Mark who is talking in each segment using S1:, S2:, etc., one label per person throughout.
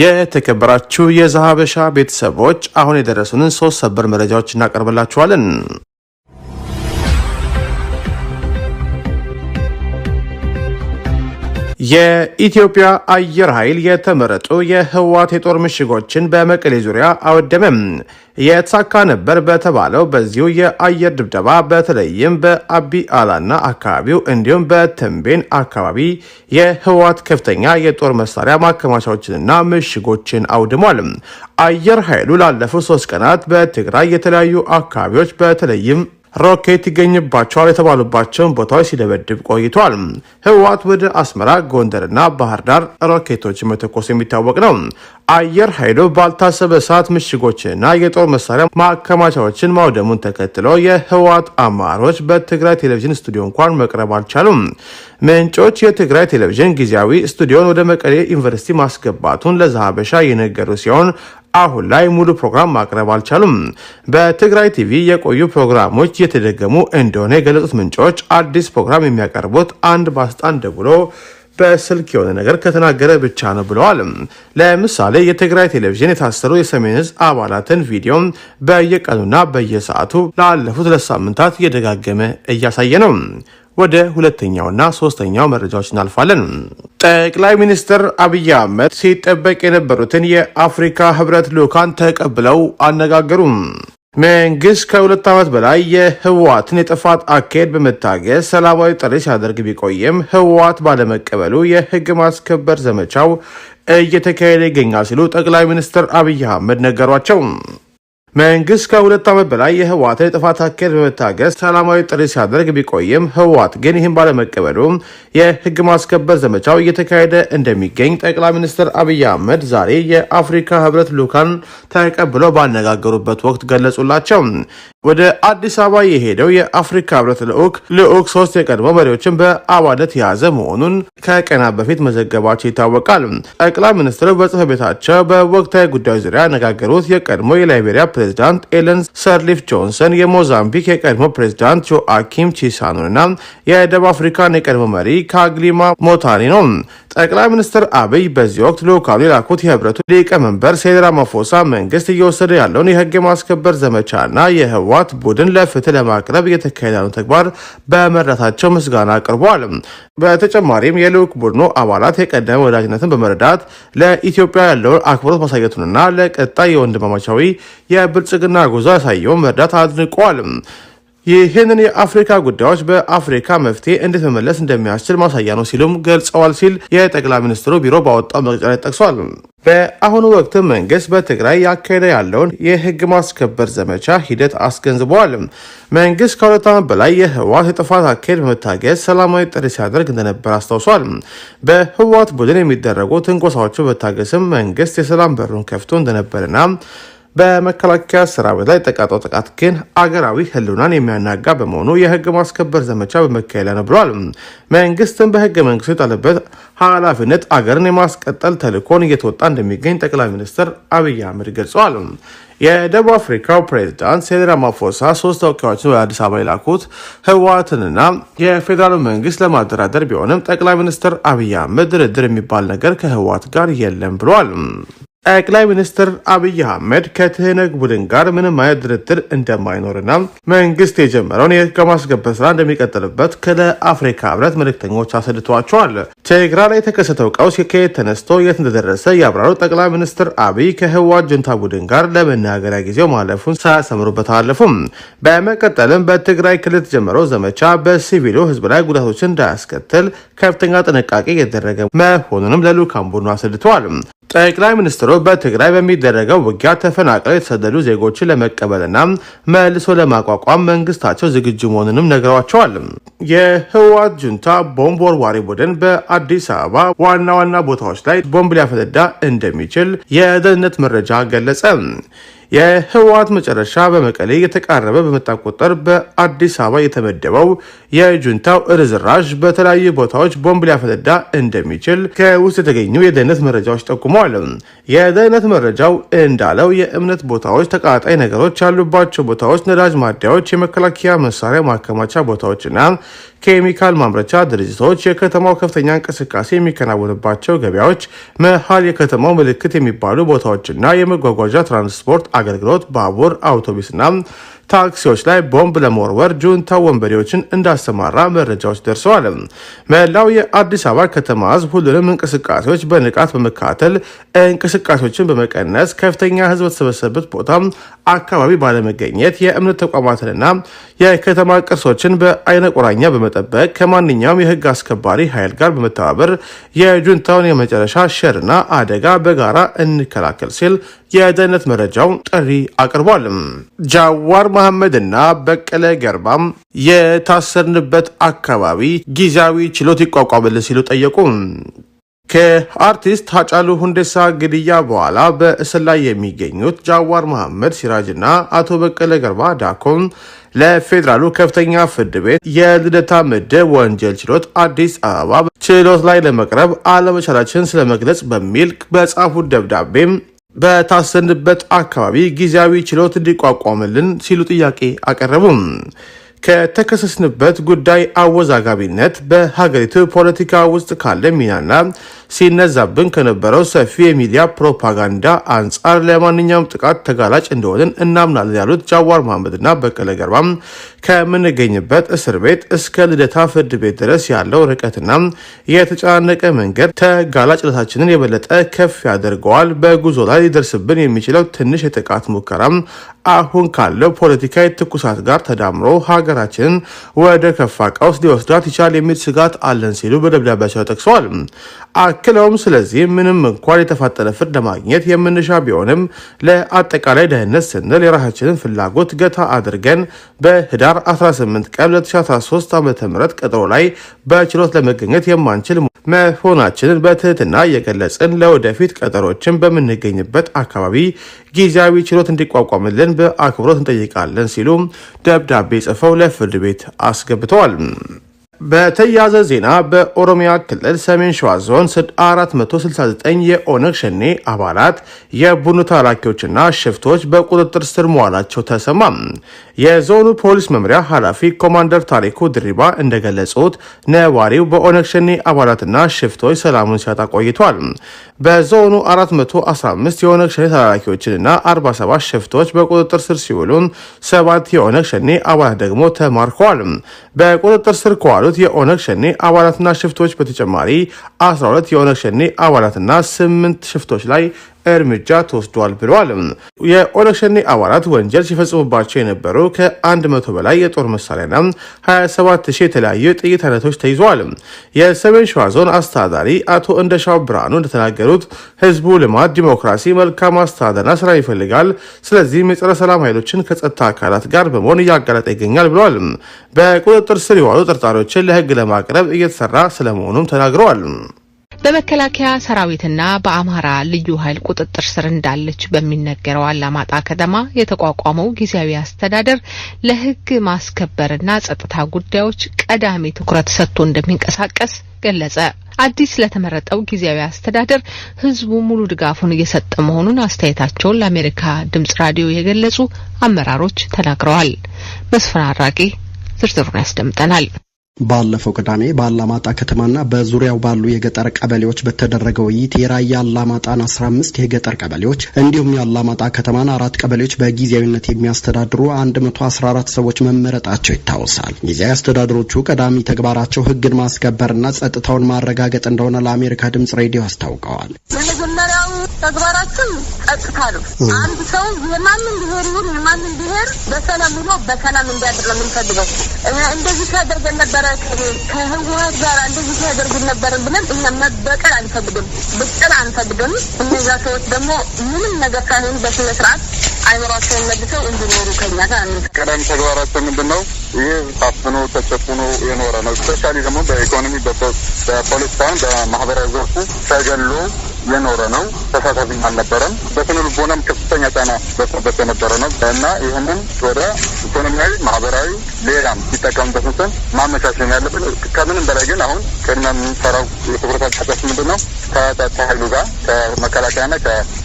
S1: የተከበራችሁ የዛሀበሻ ቤተሰቦች አሁን የደረሱንን ሶስት ሰበር መረጃዎች እናቀርብላችኋለን። የኢትዮጵያ አየር ኃይል የተመረጡ የህወሓት የጦር ምሽጎችን በመቀሌ ዙሪያ አወደመም። የተሳካ ነበር በተባለው በዚሁ የአየር ድብደባ በተለይም በአቢ አላና አካባቢው እንዲሁም በተንቤን አካባቢ የህወሓት ከፍተኛ የጦር መሳሪያ ማከማቻዎችንና ምሽጎችን አውድሟል። አየር ኃይሉ ላለፉት ሶስት ቀናት በትግራይ የተለያዩ አካባቢዎች በተለይም ሮኬት ይገኝባቸዋል የተባሉባቸውን ቦታዎች ሲደበድብ ቆይቷል። ህወሓት ወደ አስመራ፣ ጎንደርና ባህር ዳር ሮኬቶች መተኮስ የሚታወቅ ነው። አየር ኃይሉ ባልታሰበ ሰዓት ምሽጎችንና የጦር መሳሪያ ማከማቻዎችን ማውደሙን ተከትሎ የህወሓት አመራሮች በትግራይ ቴሌቪዥን ስቱዲዮ እንኳን መቅረብ አልቻሉም። ምንጮች የትግራይ ቴሌቪዥን ጊዜያዊ ስቱዲዮን ወደ መቀሌ ዩኒቨርሲቲ ማስገባቱን ለዛሀበሻ የነገሩ ሲሆን አሁን ላይ ሙሉ ፕሮግራም ማቅረብ አልቻሉም። በትግራይ ቲቪ የቆዩ ፕሮግራሞች እየተደገሙ እንደሆነ የገለጹት ምንጮች አዲስ ፕሮግራም የሚያቀርቡት አንድ ባለስልጣን ደውሎ በስልክ የሆነ ነገር ከተናገረ ብቻ ነው ብለዋል። ለምሳሌ የትግራይ ቴሌቪዥን የታሰሩ የሰሜን ዕዝ አባላትን ቪዲዮ በየቀኑና በየሰዓቱ ላለፉት ሁለት ሳምንታት እየደጋገመ እያሳየ ነው። ወደ ሁለተኛውና ሶስተኛው መረጃዎች እናልፋለን። ጠቅላይ ሚኒስትር አብይ አህመድ ሲጠበቅ የነበሩትን የአፍሪካ ህብረት ልዑካን ተቀብለው አነጋገሩም። መንግስት ከሁለት ዓመት በላይ የህወሓትን የጥፋት አካሄድ በመታገስ ሰላማዊ ጥሪ ሲያደርግ ቢቆይም ህወሓት ባለመቀበሉ የህግ ማስከበር ዘመቻው እየተካሄደ ይገኛል ሲሉ ጠቅላይ ሚኒስትር አብይ አህመድ ነገሯቸው። መንግስት ከሁለት ዓመት በላይ የህወሓትን የጥፋት አካሄድ በመታገስ ሰላማዊ ጥሪ ሲያደርግ ቢቆይም ህወሓት ግን ይህም ባለመቀበሉ የህግ ማስከበር ዘመቻው እየተካሄደ እንደሚገኝ ጠቅላይ ሚኒስትር አብይ አህመድ ዛሬ የአፍሪካ ህብረት ልዑካን ተቀብለው ባነጋገሩበት ወቅት ገለጹላቸው። ወደ አዲስ አበባ የሄደው የአፍሪካ ህብረት ልዑክ ልዑክ ሶስት የቀድሞ መሪዎችን በአባለት የያዘ መሆኑን ከቀናት በፊት መዘገባቸው ይታወቃል። ጠቅላይ ሚኒስትሩ በጽህፈት ቤታቸው በወቅታዊ ጉዳዮች ዙሪያ ያነጋገሩት የቀድሞ የላይቤሪያ ፕሬዚዳንት ኤለን ሰርሊፍ ጆንሰን፣ የሞዛምቢክ የቀድሞ ፕሬዚዳንት ጆአኪም ቺሳኑንና የደቡብ አፍሪካን የቀድሞ መሪ ካግሊማ ሞታኒ ነው። ጠቅላይ ሚኒስትር አብይ በዚህ ወቅት ልዑካኑ የላኩት የህብረቱ ሊቀመንበር ሴድራ መፎሳ መንግስት እየወሰደ ያለውን የህግ የማስከበር ዘመቻና የህዋ ህወሓት ቡድን ለፍትህ ለማቅረብ እየተካሄደ ያለው ተግባር በመረታቸው ምስጋና አቅርቧል። በተጨማሪም የልዑክ ቡድኑ አባላት የቀደመ ወዳጅነትን በመረዳት ለኢትዮጵያ ያለውን አክብሮት ማሳየቱንና ለቀጣይ የወንድማማቻዊ የብልጽግና ጉዞ ያሳየውን መርዳት አድንቋል። ይህንን የአፍሪካ ጉዳዮች በአፍሪካ መፍትሄ እንድትመለስ እንደሚያስችል ማሳያ ነው ሲሉም ገልጸዋል ሲል የጠቅላይ ሚኒስትሩ ቢሮ ባወጣው መግለጫ ላይ ጠቅሷል። በአሁኑ ወቅት መንግስት በትግራይ ያካሄደ ያለውን የህግ ማስከበር ዘመቻ ሂደት አስገንዝበዋል። መንግስት ከሁለት ዓመት በላይ የህወሓት የጥፋት አካሄድ በመታገዝ ሰላማዊ ጥሪ ሲያደርግ እንደነበር አስታውሷል። በህወሓት ቡድን የሚደረጉ ትንኮሳዎቹ በታገስም መንግስት የሰላም በሩን ከፍቶ እንደነበርና በመከላከያ ሰራዊት ላይ የተቃጣው ጥቃት ግን አገራዊ ህልናን የሚያናጋ በመሆኑ የህግ ማስከበር ዘመቻ በመካሄድ ነው ብሏል። መንግስትም በህገ መንግስቱ የጣለበት ኃላፊነት አገርን የማስቀጠል ተልእኮን እየተወጣ እንደሚገኝ ጠቅላይ ሚኒስትር አብይ አህመድ ገልጸዋል። የደቡብ አፍሪካው ፕሬዚዳንት ሲሪል ራማፎሳ ሶስት ተወካዮችን ወደ አዲስ አበባ የላኩት ህወሓትንና የፌዴራሉ መንግስት ለማደራደር ቢሆንም ጠቅላይ ሚኒስትር አብይ አህመድ ድርድር የሚባል ነገር ከህወሓት ጋር የለም ብሏል። ጠቅላይ ሚኒስትር አብይ አህመድ ከትህነግ ቡድን ጋር ምንም አይነት ድርድር እንደማይኖርና መንግስት የጀመረውን ከማስገበት ስራ እንደሚቀጥልበት ለአፍሪካ ህብረት መልእክተኞች አስረድተዋቸዋል። ቴግራ ላይ የተከሰተው ቀውስ ከየት ተነስቶ የት እንደደረሰ ያብራሩ ጠቅላይ ሚኒስትር አብይ ከህወሓት ጁንታ ቡድን ጋር ለመናገሪያ ጊዜው ማለፉን ሳያሰምሩበት አላለፉም። በመቀጠልም በትግራይ ክልል የተጀመረው ዘመቻ በሲቪሉ ህዝብ ላይ ጉዳቶችን እንዳያስከትል ከፍተኛ ጥንቃቄ እየተደረገ መሆኑንም ለልዑካን ቡድኑ ጠቅላይ ሚኒስትሩ ጨምሮ በትግራይ በሚደረገው ውጊያ ተፈናቅለው የተሰደዱ ዜጎችን ለመቀበልና መልሶ ለማቋቋም መንግስታቸው ዝግጁ መሆኑንም ነግረዋቸዋል። የህወሓት ጁንታ ቦምብ ወርዋሪ ቡድን በአዲስ አበባ ዋና ዋና ቦታዎች ላይ ቦምብ ሊያፈነዳ እንደሚችል የደህንነት መረጃ ገለጸ። የህወሓት መጨረሻ በመቀሌ የተቃረበ በመጣ ቁጥር በአዲስ አበባ የተመደበው የጁንታው እርዝራሽ በተለያዩ ቦታዎች ቦምብ ሊያፈነዳ እንደሚችል ከውስጥ የተገኙ የደህንነት መረጃዎች ጠቁመዋል። የደህንነት መረጃው እንዳለው የእምነት ቦታዎች፣ ተቃጣይ ነገሮች ያሉባቸው ቦታዎች፣ ነዳጅ ማደያዎች፣ የመከላከያ መሳሪያ ማከማቻ ቦታዎችና ኬሚካል ማምረቻ ድርጅቶች፣ የከተማው ከፍተኛ እንቅስቃሴ የሚከናወንባቸው ገበያዎች፣ መሀል የከተማው ምልክት የሚባሉ ቦታዎችና የመጓጓዣ ትራንስፖርት አገልግሎት ባቡር፣ አውቶቡስና ታክሲዎች ላይ ቦምብ ለመወርወር ጁንታ ወንበዴዎችን እንዳሰማራ መረጃዎች ደርሰዋል። መላው የአዲስ አበባ ከተማ ህዝብ ሁሉንም እንቅስቃሴዎች በንቃት በመካተል እንቅስቃሴዎችን በመቀነስ ከፍተኛ ህዝብ በተሰበሰበበት ቦታ አካባቢ ባለመገኘት የእምነት ተቋማትንና የከተማ ቅርሶችን በአይነ ቁራኛ በመጠበቅ ከማንኛውም የህግ አስከባሪ ኃይል ጋር በመተባበር የጁንታውን የመጨረሻ ሸርና አደጋ በጋራ እንከላከል ሲል የደህንነት መረጃው ጥሪ አቅርቧል። ጃዋር መሐመድና በቀለ ገርባም የታሰርንበት አካባቢ ጊዜያዊ ችሎት ይቋቋምልን ሲሉ ጠየቁ። ከአርቲስት ሀጫሉ ሁንዴሳ ግድያ በኋላ በእስር ላይ የሚገኙት ጃዋር መሐመድ ሲራጅና አቶ በቀለ ገርባ ዳኮን ለፌዴራሉ ከፍተኛ ፍርድ ቤት የልደታ ምድብ ወንጀል ችሎት አዲስ አበባ ችሎት ላይ ለመቅረብ አለመቻላችን ስለመግለጽ በሚል በጻፉት ደብዳቤም በታሰንበት አካባቢ ጊዜያዊ ችሎት እንዲቋቋምልን ሲሉ ጥያቄ አቀረቡም። ከተከሰስንበት ጉዳይ አወዛጋቢነት በሀገሪቱ ፖለቲካ ውስጥ ካለ ሚናና ሲነዛብን ከነበረው ሰፊ የሚዲያ ፕሮፓጋንዳ አንጻር ለማንኛውም ጥቃት ተጋላጭ እንደሆንን እናምናለን ያሉት ጃዋር መሐመድና በቀለ ገርባም ከምንገኝበት እስር ቤት እስከ ልደታ ፍርድ ቤት ድረስ ያለው ርቀትና የተጨናነቀ መንገድ ተጋላጭነታችንን የበለጠ ከፍ ያደርገዋል። በጉዞ ላይ ሊደርስብን የሚችለው ትንሽ የጥቃት ሙከራም አሁን ካለው ፖለቲካዊ ትኩሳት ጋር ተዳምሮ ሀገራችንን ወደ ከፋ ቀውስ ሊወስዳት ይቻል የሚል ስጋት አለን ሲሉ በደብዳቤያቸው ጠቅሰዋል። አክለውም ስለዚህ ምንም እንኳን የተፋጠነ ፍርድ ለማግኘት የምንሻ ቢሆንም ለአጠቃላይ ደህንነት ስንል የራሳችንን ፍላጎት ገታ አድርገን በህዳር 18 ቀን 2013 ዓ ም ቀጠሮ ላይ በችሎት ለመገኘት የማንችል መሆናችንን በትህትና እየገለጽን ለወደፊት ቀጠሮችን በምንገኝበት አካባቢ ጊዜያዊ ችሎት እንዲቋቋምልን በአክብሮት እንጠይቃለን ሲሉ ደብዳቤ ጽፈው ለፍርድ ቤት አስገብተዋል። በተያያዘ ዜና በኦሮሚያ ክልል ሰሜን ሸዋ ዞን 469 የኦነግ ሸኔ አባላት የቡድኑ ተላላኪዎችና ሽፍቶች በቁጥጥር ስር መዋላቸው ተሰማ። የዞኑ ፖሊስ መምሪያ ኃላፊ ኮማንደር ታሪኩ ድሪባ እንደገለጹት ነዋሪው በኦነግ ሸኔ አባላትና ሽፍቶች ሰላሙን ሲያጣ ቆይቷል። በዞኑ 415 የኦነግ ሸኔ ተላላኪዎችንና 47 ሽፍቶች በቁጥጥር ስር ሲውሉ ሰባት የኦነግ ሸኔ አባላት ደግሞ ተማርከዋል። በቁጥጥር ስር ከዋሉ 12 የኦነግ ሸኔ አባላትና ሽፍቶች በተጨማሪ 12 የኦነግ ሸኔ አባላትና 8 ሽፍቶች ላይ እርምጃ ተወስዷል ብለዋል። የኦነግ ሸኔ አባላት ወንጀል ሲፈጽሙባቸው የነበሩ ከ100 በላይ የጦር መሳሪያና 27000 የተለያዩ የጥይት አይነቶች ተይዘዋል። የሰሜን ሸዋ ዞን አስተዳዳሪ አቶ እንደሻው ብርሃኑ እንደተናገሩት ህዝቡ ልማት፣ ዲሞክራሲ፣ መልካም አስተዳደርና ስራ ይፈልጋል። ስለዚህም የጸረ ሰላም ኃይሎችን ከጸጥታ አካላት ጋር በመሆን እያጋለጠ ይገኛል ብለዋል። በቁጥጥር ስር የዋሉ ጠርጣሪዎችን ለህግ ለማቅረብ እየተሰራ ስለመሆኑም ተናግረዋል።
S2: በመከላከያ ሰራዊትና በአማራ ልዩ ኃይል ቁጥጥር ስር እንዳለች በሚነገረው አላማጣ ከተማ የተቋቋመው ጊዜያዊ አስተዳደር ለሕግ ማስከበርና ጸጥታ ጉዳዮች ቀዳሚ ትኩረት ሰጥቶ እንደሚንቀሳቀስ ገለጸ። አዲስ ለተመረጠው ጊዜያዊ አስተዳደር ህዝቡ ሙሉ ድጋፉን እየሰጠ መሆኑን አስተያየታቸውን ለአሜሪካ ድምጽ ራዲዮ የገለጹ አመራሮች ተናግረዋል። መስፍን አራቂ ዝርዝሩን ያስደምጠናል።
S1: ባለፈው ቅዳሜ በአላማጣ ከተማና በዙሪያው ባሉ የገጠር ቀበሌዎች በተደረገ ውይይት የራያ አላማጣን አስራ አምስት የገጠር ቀበሌዎች እንዲሁም የአላማጣ ከተማን አራት ቀበሌዎች በጊዜያዊነት የሚያስተዳድሩ አንድ መቶ አስራ አራት ሰዎች መመረጣቸው ይታወሳል። ጊዜያዊ አስተዳድሮቹ ቀዳሚ ተግባራቸው ሕግን ማስከበርና ጸጥታውን ማረጋገጥ እንደሆነ ለአሜሪካ ድምጽ ሬዲዮ አስታውቀዋል።
S3: ተግባራችን ጸጥታ ነው። አንድ ሰው የማንም ብሄር ይሁን የማንም ብሄር በሰላም ሆኖ በሰላም እንዲያድር ነው የምንፈልገው። እንደዚህ ሲያደርገን ነበረ ከህወሀት ጋር እንደዚህ ሲያደርጉን ነበር ብለን እኛ መበቀል አንፈልግም፣ ብቅል አንፈልግም። እነዛ ሰዎች ደግሞ ምንም ነገር ሳይሆን በስነ ስርዓት አይምሯቸውን መልሰው እንዲኖሩ ከኛ ጋር
S4: ቀዳሚ ተግባራቸው ምንድን ነው? ይህ ታፍኖ ተጨፍኖ የኖረ ነው። ስፔሻሊ ደግሞ በኢኮኖሚ በፖለቲካን በማህበራዊ ዘርፉ ተገሎ የኖረ ነው። ተሳታፊም አልነበረም። በስነ ልቦናም ከፍተኛ ጫና በስበት የነበረ ነው እና ይህንን ወደ ኢኮኖሚያዊ፣ ማህበራዊ፣ ሌላም ሲጠቀሙበት ምስል ማመቻቸን ያለብን። ከምንም በላይ ግን አሁን ቅድሚያ የምንሰራው የትኩረት አጫጫች ምንድን ነው ከጸጥታ ኃይሉ ጋር ከመከላከያና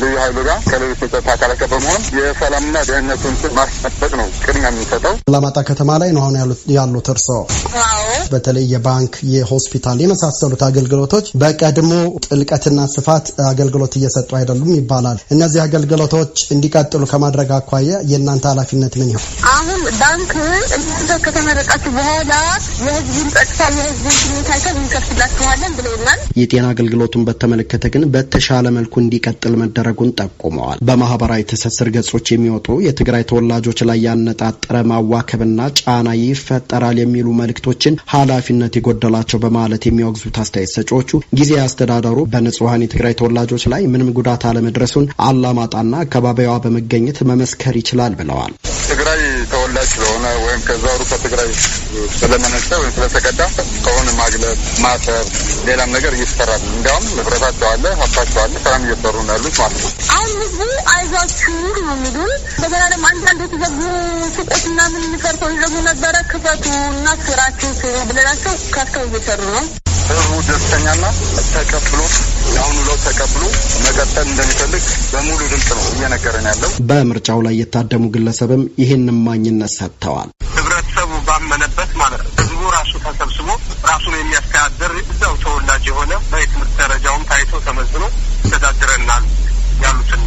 S4: ልዩ ኃይሉ ጋር ከሌሎች የጸጥታ አካላት ጋር በመሆን የሰላምና ደህንነቱን ማስጠበቅ ነው ቅድሚያ የሚሰጠው።
S1: አላማጣ ከተማ ላይ ነው አሁን ያሉት እርስዎ? በተለይ የባንክ የሆስፒታል የመሳሰሉት አገልግሎቶች በቀድሞ ጥልቀትና ስፋት አገልግሎት እየሰጡ አይደሉም ይባላል። እነዚህ አገልግሎቶች እንዲቀጥሉ ከማድረግ አኳያ የእናንተ ኃላፊነት ምን ይሆን?
S5: አሁን ባንክ እናንተ ከተመረቃችሁ በኋላ የህዝብን ጸጥታ የህዝብን ሁኔታ ይተን እንከፍትላችኋለን ብለውናል።
S1: የጤና አገልግሎቱን በተመለከተ ግን በተሻለ መልኩ እንዲቀጥል መደረ መደረጉን ጠቁመዋል። በማህበራዊ ትስስር ገጾች የሚወጡ የትግራይ ተወላጆች ላይ ያነጣጠረ ማዋከብና ጫና ይፈጠራል የሚሉ መልእክቶችን ኃላፊነት የጎደላቸው በማለት የሚወግዙት አስተያየት ሰጪዎቹ ጊዜ አስተዳደሩ በንጹሐን የትግራይ ተወላጆች ላይ ምንም ጉዳት አለመድረሱን አላማጣና አካባቢዋ በመገኘት መመስከር ይችላል ብለዋል።
S6: ትግራይ ተወላጅ ስለሆነ ወይም ከዛ ከዛሩ ትግራይ ስለመነጨ ወይም ስለተቀዳ ከሆነ ማግለል፣ ማሰር፣ ሌላም ነገር እየተሰራ ነው። እንዲያውም ንብረታቸው አለ፣ ሀብታቸው አለ፣ ስራም እየሰሩ ነው ያሉት ማለት ነው።
S7: አሁን ህዝቡ አይዟችሁ ነው የሚሉን። እንደገና ደግሞ አንዳንድ የተዘጉ ሱቆች ምናምን ፈርተው ይዘጉ ነበረ። ክፈቱ እና ስራችሁ ስሩ ብለናቸው ከፍተው እየሰሩ ነው።
S8: ህዝቡ ደስተኛና ተቀብሎ አሁኑ ለው ተቀብሎ መቀጠል እንደሚፈልግ በሙሉ ድምጽ ነው እየነገረን ያለው።
S1: በምርጫው ላይ የታደሙ ግለሰብም ይህን ማኝነት ሰጥተዋል።
S9: ህብረተሰቡ ባመነበት ማለት ነው። ህዝቡ ራሱ ተሰብስቦ ራሱን የሚያስተዳድር እዛው ተወላጅ የሆነ በትምህርት ደረጃውም ታይቶ ተመዝኖ ይተዳድረናል ያሉትን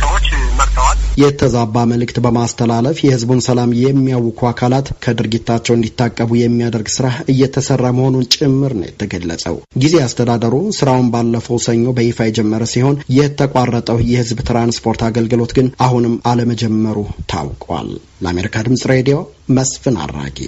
S9: ሰዎች መርተዋል።
S1: የተዛባ መልእክት በማስተላለፍ የህዝቡን ሰላም የሚያውኩ አካላት ከድርጊታቸው እንዲታቀቡ የሚያደርግ ስራ እየተሰራ መሆኑን ጭምር ነው የተገለጸው። ጊዜ አስተዳደሩ ስራውን ባለፈው ሰኞ በይፋ የጀመረ ሲሆን የተቋረጠው የህዝብ ትራንስፖርት አገልግሎት ግን አሁንም አለመጀመሩ ታውቋል። ለአሜሪካ ድምጽ ሬዲዮ መስፍን አራጌ።